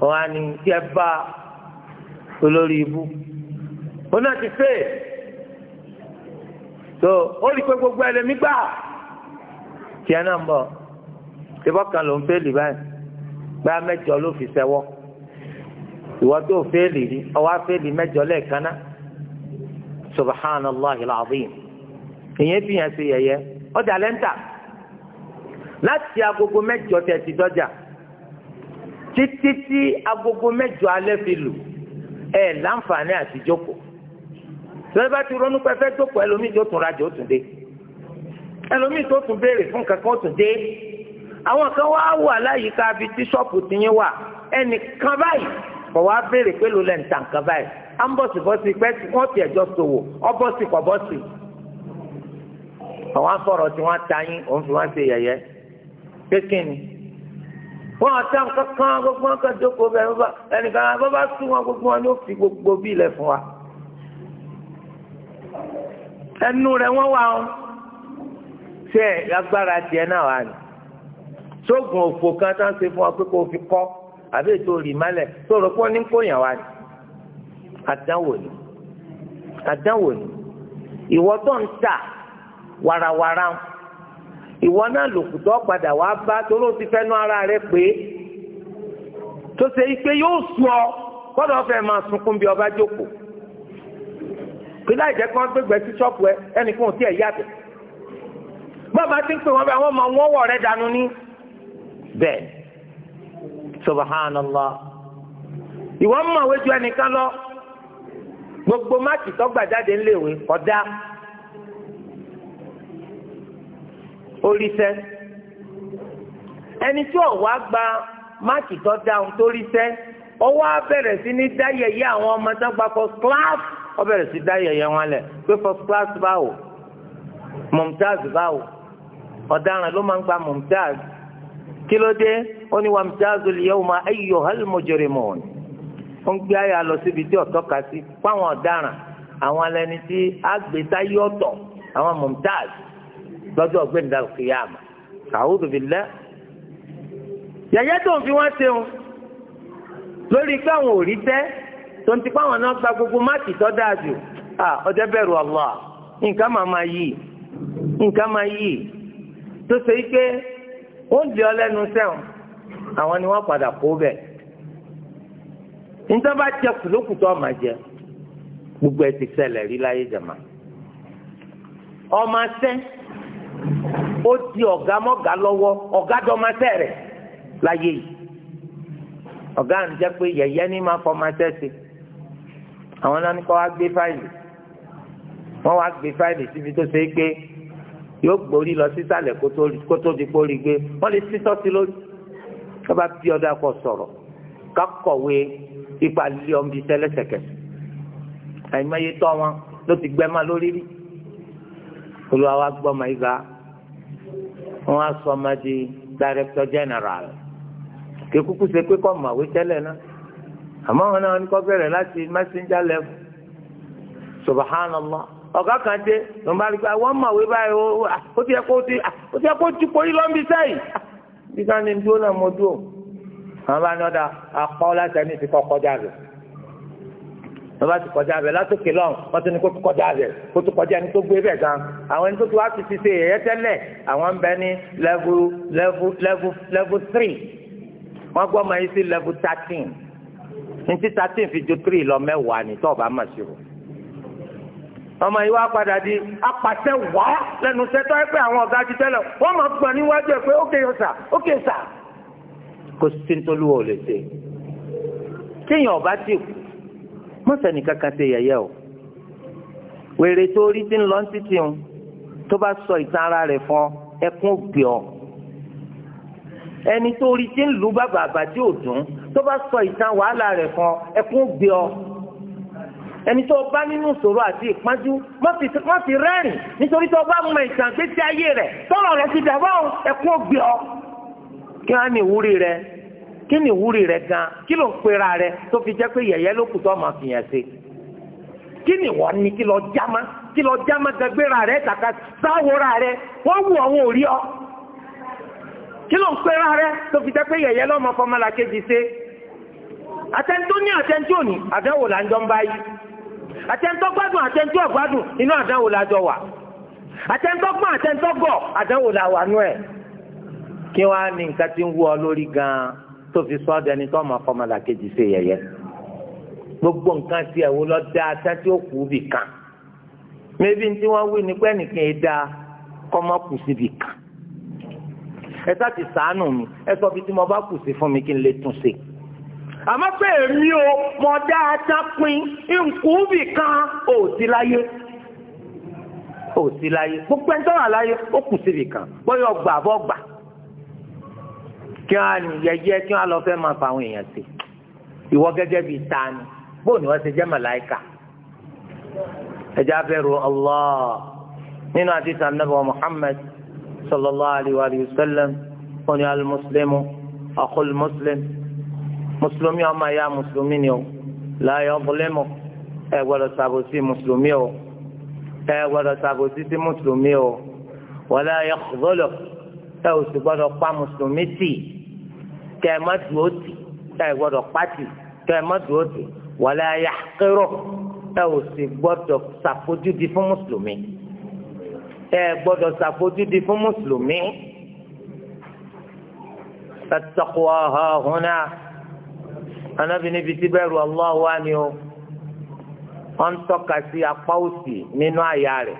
wọn á ní kí ẹ bá olórí ibú òun náà ti fẹ́ẹ̀ tó ó rí i pé gbogbo ẹlẹ́mí gbà tí náà ń bọ̀. ṣebọ́ kan ló ń fẹ́ẹ̀lì báyìí bá mẹ́jọ ló fi ṣẹ́wọ́ ìwọ tó fẹ́ẹ̀lì rí ọwọ́ fẹ́ẹ̀lì mẹ́jọ lẹ́ẹ̀kan náà subhanallahi alazim ìyẹn fi hàn sí yẹyẹ ọjà lẹ́ńtà láti agogo mẹ́jọ tẹ̀sí dọ́jà títí tí agogo mẹ́jọ alẹ́ fi lù ẹ̀ láǹfààní àti jókòó sọ́dọ̀ bá ti ronú pé fẹ́ jókòó ẹlòmíì tó tún rajà ó tún dé ẹlòmíì tó tún béèrè fún kankan ó tún dé. àwọn kan wá wà láyìíká bí bíṣọ̀pù ti yín wà ẹnìkan báyìí kọ̀ wá béèrè pé ló lẹ́nu tàn kan báyìí à ń bọ̀sì bọ́sì pẹ́ wọ́n ti ẹ̀jọ́ sòwò ọ bọ́sì kọ̀ bọ́sì. àwọn afọ̀rọ̀ tí wọ́n ta yín òun fi wọ́n ṣe yẹ̀yẹ́ pé kí ni. wọ́n ọ̀tá nǹkan kan gbogbo wọn kan jókòó bẹ́ẹ̀ ẹnìkan bá bá sún wọn gbogbo wọn yóò fi gbogbo bí ilẹ̀ fún wa. ẹnu rẹ̀ wọ́n wà ó ṣe agbára tiẹ̀ náà wà ní sóògùn òfò kan ń fún wa pé kó fi kọ́ àbí ètò tó ní kóyàn wa ni àdánwò ni àdánwò ni ìwọ tó ń tà warawara ìwọ náà lòkùtọ́ padà wá bá torí o ti fẹ́nu ara rẹ pé tó ṣe ike yóò sùn ọ kọ́dọ̀ fẹ́ máa sunkún bí ọba jókòó kí láì jẹ́ gbégbé sí ẹ ẹnì kan ti ń pè wọ́n mọ rẹ dànù ní bẹ́ẹ̀ subhanallah ìwọ mọ̀ wéjú ẹnìkan lọ gbogbo máàkì tó gbà jáde ńléèwé ẹni tí gba máàkì tó dáhùn tó ríṣẹ́ ó wá bẹ̀rẹ̀ sí ní dáyẹyẹ àwọn ọmọ tó gba first class ó bẹ̀rẹ̀ sí dáyẹyẹ wọn pé ló máa ń gba kí ló dé ó ní wamtazul yawma ayyuhal mujrimun ó ń gbé àyà lọ síbi tí ọ̀tọ́ ka sí fáwọn ọ̀daràn àwọn alẹ́ni tí àgbétáyé ọ̀tọ̀ àwọn mumtaz lọ́jọ́ ọ̀gbẹ́ni dàlùkìyàmà a'udhu billah yẹyẹ tó ń fi wọn ṣeun lórí pé àwọn ò rí tẹ tó ń ti pé àwọn gba gbogbo máàkì tó dáa jù à ọjọ bẹ̀rù Allah nǹkan máa máa yí nǹkan máa yí tó ṣe pé ó lé sẹ́wọ̀n àwọn ni wọ́n padà kó bẹ̀. níta bá jẹ kùlókùtọ́ ọmọ jẹ gbogbo ẹ ti ṣẹlẹ̀ rí láyé jàmá. ọmọ sẹ́ ó di ọ̀gá mọ́gà lọ́wọ́ ọ̀gá dọ́mọsẹ́ rẹ̀ láyé yìí. ọ̀gá ń jẹ́ pé yẹ̀yẹ́ ní máa fọmọsẹ́ sí àwọn náà ní kọ́ wá gbé fáìlì wọ́n wá gbé fáìlì síbi yóò gborí lọ sísàlẹ̀ kó tó di kó rí gbé wọ́n lè sísọ́ sí lórí ká bá bí ọdọ akọ sọ̀rọ̀ ká kọ̀wé ipa lílé ọmọ bíi tẹ́lẹ̀sẹ̀kẹ̀ àìmọye tọ́ wọn ló ti gbẹ́ má lórí rí olùwà wa gbọ́ ma ibà wọ́n á sọ ọmọ di director general kékuku ṣe pé kọ́ màwé tẹ́lẹ̀ náà àmọ́ wọn náà wọn kọ́ bẹ̀rẹ̀ láti messenger level subhanallah ọ̀gá kan dé ló ń bá rí pé àwọn ah, mọ̀wé báyìí ó ti yẹ kó ti ó ti yẹ kó ti porí lọ́nbí sẹ́yìn bí ká ní dúró náà mo dúró àwọn bá ní ọ̀dà akọ́ láti ẹni ti kọ́ kọjá rẹ̀ ló bá ti kọjá rẹ̀ látòkè lọ́n wọ́n ti ní kó tó kọjá rẹ̀ kó tó kọjá ẹni tó gbé bẹ̀ gan àwọn ẹni tó ti wá ti ti ṣe èyẹ tẹ́lẹ̀ àwọn bẹ ní level level level level three wọ́n gbọ́ level thirteen ní thirteen fi ju three lọ mẹ́wàá ọmọ yìí wá padà di apàṣẹ wá lẹ́nu sẹ́tọ́ ẹ pé àwọn ọ̀gá ti tẹ́lẹ̀ wọ́n máa gbọ́n níwájú ẹ̀ pé ókè sà ókè sà kò sí ní tolúwa ò lè ṣe téèyàn ọba ti kú mọ́sẹ̀nì kankan ṣe yẹ̀yẹ́ o wèrè tó rí ti ń lọ títì ń tó bá sọ ìtàn ara rẹ̀ fún ọ ẹkún gbé ọ ẹni tó rí ti ń lu bàbà àbàdí òdùn tó bá sọ ìtàn wàhálà rẹ̀ fún ọ ẹkún gbé ọ ẹni tó bá nínú ìṣòro àti ìpájú má fi rẹ́rìn nítorí tó bá mọ ìtàn gbèsè ayé rẹ̀ tọ́rọ̀ rẹ̀ ti dàbọ̀ ẹ̀kún ògbé ọ. kí wọ́n á ní ìwúrí rẹ̀ kí ni ìwúrí rẹ̀ gan kí ló ń pera rẹ̀ tó fi jẹ́ pé yẹ̀yẹ́ ló kù tó máa fi yàn sí. kí ni wọ́n ní kí lọ jámá kí lọ jámá gbẹgbẹ́ra rẹ̀ kàkà sáwòrà rẹ̀ wọ́n wù àwọn òrí ọ. kí ló ń pera rẹ̀ tó fi jẹ́ pé yẹ̀yẹ́ lọ́mọ fọmọlá kejì sí. àtẹ̀ntóní àtẹ̀ntóní àdánwò là ń jọ ń báyìí àtẹ̀ntọ́ gbádùn àtẹ̀ntọ́ ọ̀gbádùn inú àdánwò la jọ wà àtẹ̀ntọ́ gbọ́n àtẹ̀ntọ́ gọ̀ àdánwò la wà nú ẹ̀. kí wàá ní nǹkan tí ń wú ọ lórí gan-an tó fi sọ ọ́ dẹni tó ọmọ afọmọlà kejì ṣe yẹ̀yẹ́ gbogbo nǹkan tí ẹ̀wò lọ da ata tí ó kù bì kan mẹ́bí tí wọ́n wí ni pé nìkan ẹ̀ da kọ́mọ́ kù sí bì kan ẹ sá ti sàánù mi ẹ sọ fi tí mo bá kù sí fún mi kí n lè tún ṣe àmọ́ pé èmi o mọ dáadáa pin nkúbì kan ò sí láyé ò sí láyé gbogbo ẹni tó wà láyé ó kù síbì kan bóyá ọgbà bọ́ gbà kí wọn á ní yẹyẹ kí wọn á lọ fẹ́ máa fa àwọn èèyàn sí ìwọ gẹ́gẹ́ bíi tani bó ni wọ́n ṣe jẹ́ màláìkà ẹ̀jẹ̀ abẹ́rù Allah nínú àdìsá nàbẹ̀wò Muhammad sallallahu alayhi wa sallam wọn ni alimuslimu akul muslim mùsùlùmí ọmọ ẹ̀yà mùsùlùmí ni o láyọ̀ ọ̀bùlẹ́mọ̀ ẹ gbọ́dọ̀ ṣàbòsí mùsùlùmí o ẹ gbọ́dọ̀ ṣàbòsí sí mùsùlùmí o wala yakhdhuluh ẹ ò sì gbọ́dọ̀ pa mùsùlùmí tì kẹ́ ẹ má dùn ó tì kẹ́ ẹ gbọ́dọ̀ pa tì kẹ́ ẹ má dùn ó tì wala yahqiruh ẹ ò sì gbọ́dọ̀ ṣàfojúdi fún mùsùlùmí ẹ gbọ́dọ̀ ṣàfojúdi fún mùsùlùmí anábì níbi tí bẹ̀rù Allah wà ní o wọ́n tọ́ka sí apá òsì nínú àyà rẹ̀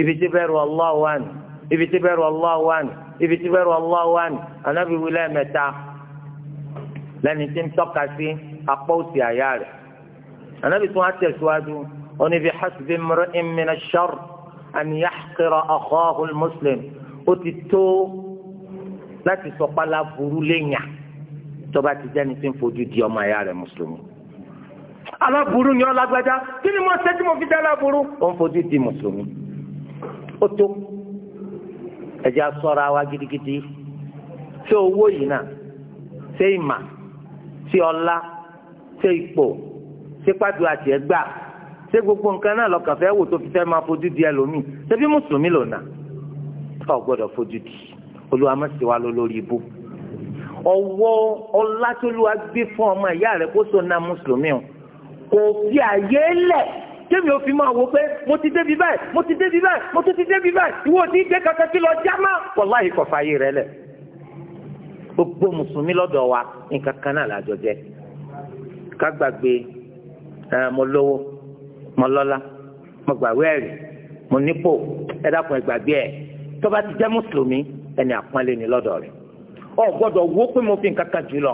ibi tí bẹ̀rù Allah wà ní ibi tí bẹ̀rù Allah wà ní ibi tí bẹ̀rù Allah wà ní anábì wílẹ̀ mẹ́ta lẹ́ni tí ń tọ́ka sí apá òsì àyà rẹ̀ anábì tí wọ́n tẹ̀síwájú wọ́n ní bí hasbi mri'in min ash-sharr an yahqira akhahu ó ti tó láti sọ pálá burú léyìn tó bá ti jẹ́ni tí ń fojú di ọmọ ẹ̀yà rẹ̀ mùsùlùmí. aláburú ni ọlágbájá kí ni mo ṣe tí mo fi dá aláburú ó ń fojú di mùsùlùmí. ó tó ẹ̀jẹ̀ asọ́ra wa gidigidi ṣé owó yìí náà ṣé ìmà ṣé ọlá ṣé ipò ṣé pàdù àti ẹgbà ṣé gbogbo nǹkan náà lọ́kàn fẹ́ wò tó fi fẹ́ máa fojú di ẹlòmíì ṣé bí mùsùlùmí lò náà ọ̀ gbọ́dọ̀ fojú di olùwàmọ̀síwá ló lórí ibú ọwọ́ ọlátólúwa gbé fún ọmọ ìyá rẹ̀ kó so na mùsùlùmí o kò fi àyè lẹ̀ kémi ò fi máa wò pé mo ti débi báyìí mo ti débi báyìí mo tún ti débi báyìí ìwọ ò ní dé kankan kí lọ já má wàláhì kò fààyè rẹ̀ lẹ̀ gbogbo mùsùlùmí lọ́dọ̀ wa nǹkan kan náà làjọ jẹ́ ká gbàgbé mo lówó mo lọ́lá mo gbàwé ẹ̀rí mo nípò ẹ dákun ẹ gbàgbé ẹ tó ti jẹ́ mùsùlùmí ẹni àpọ́nlé ni lọ́dọ̀ rẹ̀ ọ gbọ́dọ̀ wo pé mo fi nǹkan kan jù lọ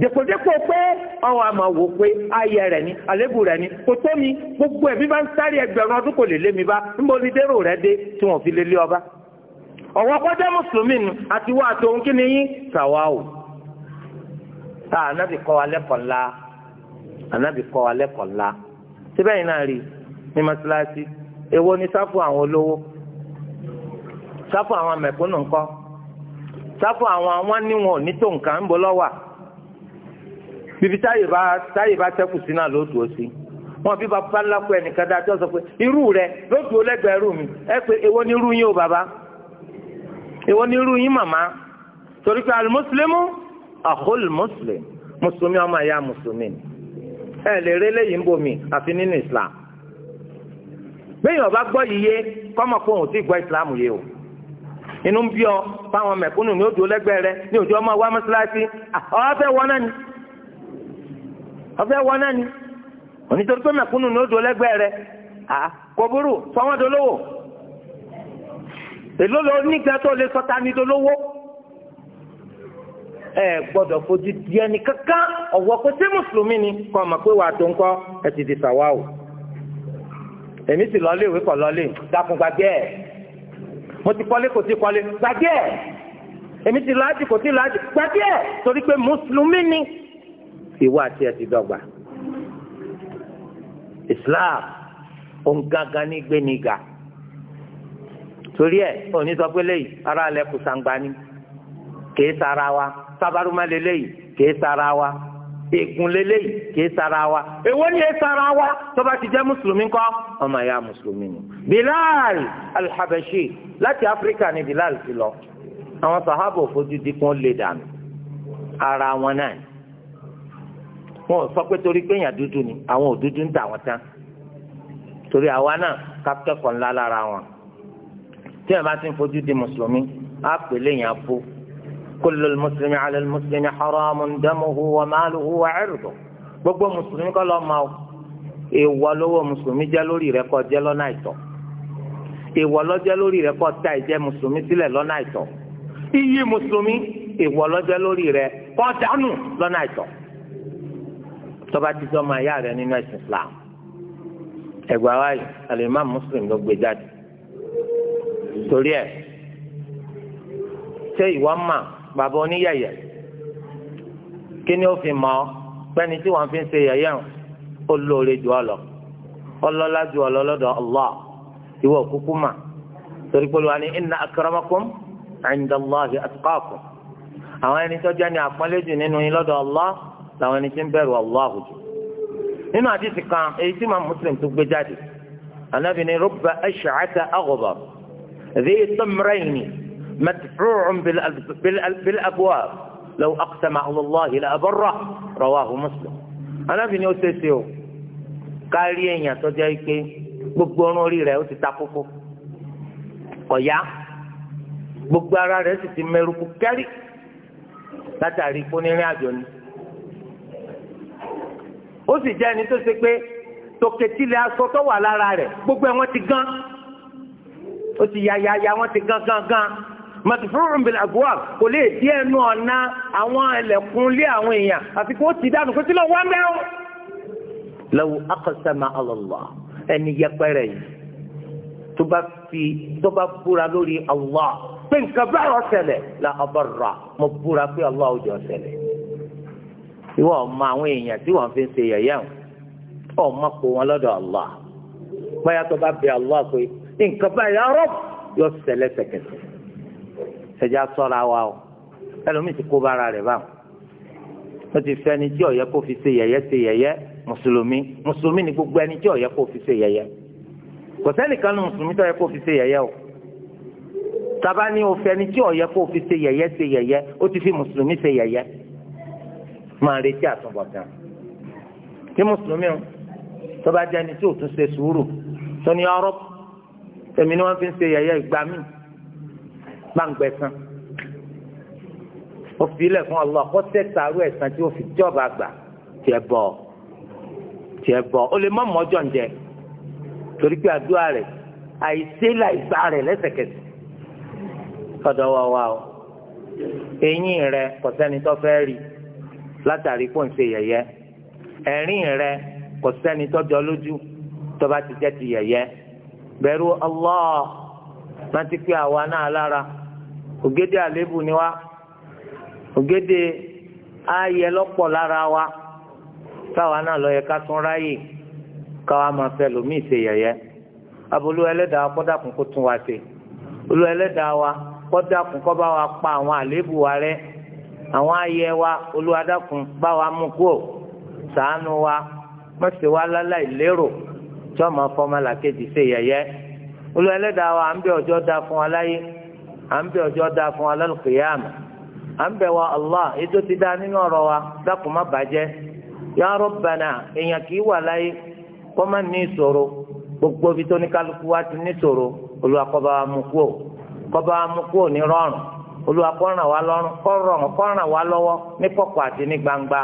dèpòdèpò pé ọwọ́ àmọ́ wò pé ayẹ rẹ̀ ni àlébù rẹ̀ ni kò tó mi gbogbo ẹ̀mí bá ń sáré ẹgbẹ̀rún ọdún kò lè lé mi bá níbo ni dérò rẹ̀ dé tí wọ́n fi lé lé ọba ọ̀wọ́ kọjá mùsùlùmí nu àti wọ́n àti òun kí ni yín sàwa o tá ànábì kọ́ wa lẹ́kọ̀ọ́ ńlá ànábì kọ́ wa lẹ́kọ̀ọ́ ńlá síbẹ̀ yìí náà rí ní mọ́sálásí èwo ni sáfù àwọn olówó sáfù àwọn mẹ̀kúnnù ńkọ́ sáfù àwọn àwọn níwọn ní tó nǹkan ń bọ lọ́wà bíbi táyè bá táyè bá sẹ́kù sí náà lóòtú ó sí wọn bí bàbá ńlákọ ẹnìkan dáa sọ pé irú rẹ lóòtú lẹ́gbẹ̀ẹ́ rú mi ẹ pé èwo ni irú yín o bàbá èwo ni irú yín màmá torí pé alimuslimu àkọlù mùsùlùmí mùsùlùmí ọmọ ẹ̀yà mùsùlùmí ẹ lè rí eléyìí ń bomi àfi nínú islam bẹ́ẹ̀ yọ̀ọ́ bá gbọ́ yìí yé kọ́mọ̀ fóun ò tí gbọ́ islam yé o inú ń bí ọ fáwọn mẹ̀kúnnù ní òjò lẹ́gbẹ̀ẹ́ rẹ ní òjò ọmọ wa mọ́ṣáláṣí ọ̀fẹ́ wọ náà ni ọ̀fẹ́ wọ náà ni onítorí pé mẹ̀kúnnù ní òjò lẹ́gbẹ̀ẹ́ rẹ kò burú sọ́wọ́n dolówó èló ló nígbà tó lè sọ́ta ní dolówó ẹ gbọ́dọ̀ fojú di ẹni kankan ọwọ́ pé sí mùsùlùmí ni kọ ọmọ pé wàá tó ń kọ ẹ ti di sàwáwò èmi sì lọ léèwé kọ lọ léè dákun gbàgbé mo ti kọ́lé kò sí kọ́lé gbàgbé ẹ̀ èmi ti láàjì kò sí láàjì gbàgbé ẹ̀ torí pé mùsùlùmí ni ìwà àti ẹ̀sìn dọ́gba Islam òǹgangan ní gbéniga torí ẹ̀ òní sọ pé léyìí ara lẹ kùsàǹgbani kèé sara wa sábàrúmọ́ lélẹ́yìí kèé sara wa ègùn lélẹ́yìí kìí sara wa èwo ni èé sara wa tó bá ti jẹ́ mùsùlùmí kọ́ ọmọ ìyá mùsùlùmí ni. Bilal al-Habashi láti Áfíríkà ni Bilal ti lọ àwọn sàhábà fojú dikun lè dànù ara wọn náà wọn ò sọ pé torí pé èèyàn dúdú ni àwọn ò dúdú ń dà wọn tán torí àwa náà kápẹ́kọ̀ọ́ ńlá lára wọn tí ẹ̀ bá ti ń fojú di mùsùlùmí á pè léyìn abó كل المسلم على المسلم حرام دمه وماله وعرضه gbogbo mùsùlùmí kọ́ lọ́ọ́ ma o ìwọ lọ́wọ́ mùsùlùmí jẹ́ lórí rẹ kọ́ jẹ́ lọ́nà àìtọ́ ìwọ lọ́jẹ́ lórí rẹ kọ́ ta ìjẹ́ mùsùlùmí sílẹ̀ lọ́nà àìtọ́ iyì mùsùlùmí ìwọ lọ́jẹ́ lórí rẹ kọ́ dànù lọ́nà àìtọ́ tọ́ba ti ma yá rẹ nínú ẹ̀sìn Islam ẹ̀gbà wa yìí alimami ló gbé jáde torí ẹ̀ ṣé ìwọ máa bàbá oníyẹ̀yẹ̀ kí ni ó fi mọ̀ ọ́ pẹ́ni tí wọ́n fi ń ṣe yẹ̀yẹ̀ ń ó lóore jù ọ́ lọ ọlọ́lá jù ọ́ lọ lọ́dọ̀ Allah ìwọ òkúkú mà torí pé wọ́n ní inna akramakum inda Allahi atqakum àwọn ẹni tó jẹ́ ní àpọ́nlẹ́jù nínú yín lọ́dọ̀ Allah làwọn ẹni tí ń bẹ̀rù Allah jù nínú àdìsí kan èyí tí màá Muslim tó gbé jáde Ànábì ní rubba ash'ata aghbar dhi tamrayni مدفوع بالأبواب لو أقسم على الله لأبره رواه مسلم alábìíní ó ṣeéṣe o kárí èèyàn tó jẹ́ pé gbogbo ọrùn orí rẹ̀ ó ti ta kókó ọ̀yá gbogbo ara rẹ̀ sì ti mẹ́rùkú kẹ́rì látàrí ikú nírìn ni ó sì jẹ́ ẹni tó ṣe pé tòkètìlẹ̀ aṣọ tó wà lára rẹ̀ gbogbo ẹ̀ wọ́n ti gán ó ti yáyáyá wọ́n ti gán gán gán madhurun bil abwab kò lè dí ẹnu ọ̀nà àwọn ẹlẹ́kùn lé àwọn èèyàn àfi kó ti dànù kó ti lọ wá mẹ́rún. law aqsama ala Allah ẹni yẹpẹrẹ yìí tó bá fi tó bá búra lórí Allah pé nǹkan bá rọ ṣẹlẹ̀ la abarra mo búra pé Allah ò jọ ṣẹlẹ̀ ìwọ ọmọ àwọn èèyàn tí wọn fi ń ṣe yẹ̀yẹ́ wọn ọmọ kó wọn lọ́dọ̀ Allah báyà tó bá bẹ Allah pé nǹkan báyà rọ yọ ṣẹlẹ̀ ṣẹkẹsẹ ẹ̀já sọ́ra wa o ẹlòmíì ti kó bára rẹ̀ báwọn ó ti fẹ́ ẹni tí ọ̀yẹ́ kó fi ṣe yẹ̀yẹ́ ṣe yẹ̀yẹ́ mùsùlùmí mùsùlùmí ni gbogbo ẹni tí ọ̀yẹ́ kó fi ṣe yẹ̀yẹ́ kò sẹ́nìkan ní mùsùlùmí tó yẹ kó fi ṣe yẹ̀yẹ́ o taba ni o fẹ́ ẹni tí ọ̀yẹ́ kó fi se yẹ̀yẹ́ ṣe yẹ̀yẹ́ ó ti fi mùsùlùmí ṣe yẹ̀yẹ́ máa retí àtúbọ̀tán tí mùsùlùmí o tó bá jẹ́ tí ò tún ṣe sùúrù tó ní ọ̀rọ̀ èmi ni wọ́n fi ń ṣe yẹ̀yẹ́ ìgbà míì gbàǹgbẹ san ó fi ilẹ̀ fún Allah kó sẹ́sàárù ẹ̀sán tí ó fi jọba gbà tiẹ̀ bọ̀ tiẹ̀ bọ̀ ó lè má mọ́jọ́ torí pé àdúrà rẹ̀ àìsí làìsá rẹ̀ lẹ́sẹ̀kẹsẹ̀ ọ̀dọ̀ wa o eyín rẹ̀ kò sẹ́ni tó fẹ́ rí látàrí kó n ṣe yẹ̀yẹ́ ẹ̀rín rẹ̀ kò sẹ́ni tó jọ lójú tó bá ti jẹ́ ti bẹ̀rù ògédé àlébù ni wa ògédé ààyè lọ́pọ̀ lára wa táwa náà lọ yẹ ká tún ráyè káwa máa fẹ́ lòmíì ṣe yẹ̀yẹ́ abolú ẹlẹ́dàá kó tún wa ṣe olú wa bá wa pa àwọn àlébù wa rẹ àwọn wa olú adákùn bá wa mú wa láláì lérò tí máa wa à ń bẹ ọjọ da fún wa à ń bẹ ọjọ́ dáa fún wa lálùkìyàmù à ń bẹ wa allah ètò ti dáa nínú ọ̀rọ̀ wa dákun má bàjẹ́ ya Rabbana èèyàn kì í wà láyé kó má ní ìṣòro gbogbo ibi tó ní kálukú wa ti ní ìṣòro Olúwa kó bá wa mú kúò kó bá wa mú kúò ní rọrùn Olúwa kó ràn wá lọ́rùn kó rọrùn kó ràn wá lọ́wọ́ ní kọ̀kọ̀ àti ní gbangba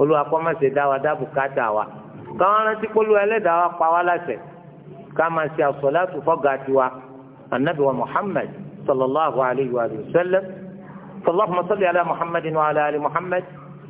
Olúwa kó má ṣe dá wa dá bùkátà wa káwọn rántí polú ẹlẹ́dàá wa pa wá láṣẹ ká máa ṣe àsọ̀látù fọ́gà tiwa anabi wa Muhammad صلى الله عليه وآله وسلم فاللهم صل على محمد وعلى آل محمد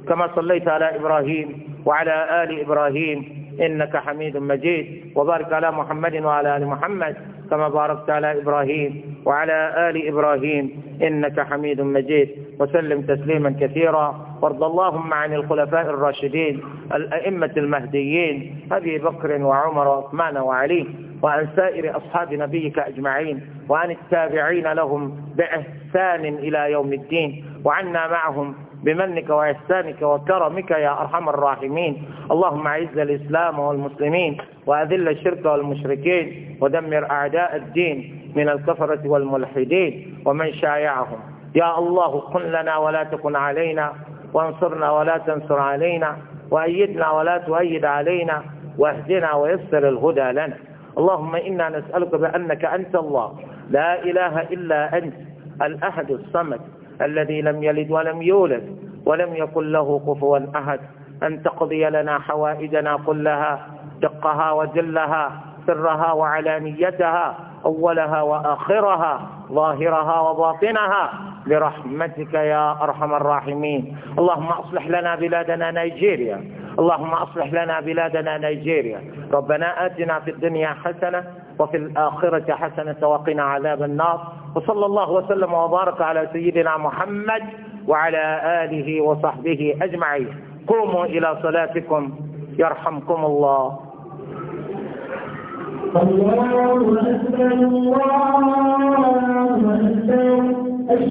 كما صليت على إبراهيم وعلى آل إبراهيم إنك حميد مجيد وبارك على محمد وعلى آل محمد كما باركت على إبراهيم وعلى آل إبراهيم إنك حميد مجيد وسلم تسليما كثيرا وارض اللهم عن الخلفاء الراشدين الأئمة المهديين أبي بكر وعمر وعثمان وعلي وعن سائر أصحاب نبيك أجمعين وعن التابعين لهم بإحسان إلى يوم الدين وعنا معهم بمنك وإحسانك وكرمك يا أرحم الراحمين اللهم أعز الإسلام والمسلمين وأذل الشرك والمشركين ودمر أعداء الدين من الكفرة والملحدين ومن شايعهم يا الله كن لنا ولا تكن علينا وانصرنا ولا تنصر علينا وأيدنا ولا تؤيد علينا واهدنا ويسر الهدى لنا اللهم إنا نسألك بأنك أنت الله لا إله إلا أنت الأحد الصمد الذي لم يلد ولم يولد ولم يكن له كفوا أحد أن تقضي لنا حوائجنا كلها دقها وجلها سرها وعلانيتها أولها وآخرها ظاهرها وباطنها برحمتك يا أرحم الراحمين اللهم أصلح لنا بلادنا نيجيريا اللهم أصلح لنا بلادنا نيجيريا ربنا آتنا في الدنيا حسنة وفي الآخرة حسنة وقنا عذاب النار وصلى الله وسلم وبارك على سيدنا محمد وعلى آله وصحبه أجمعين قوموا إلى صلاتكم يرحمكم الله الله أكبر الله أكبر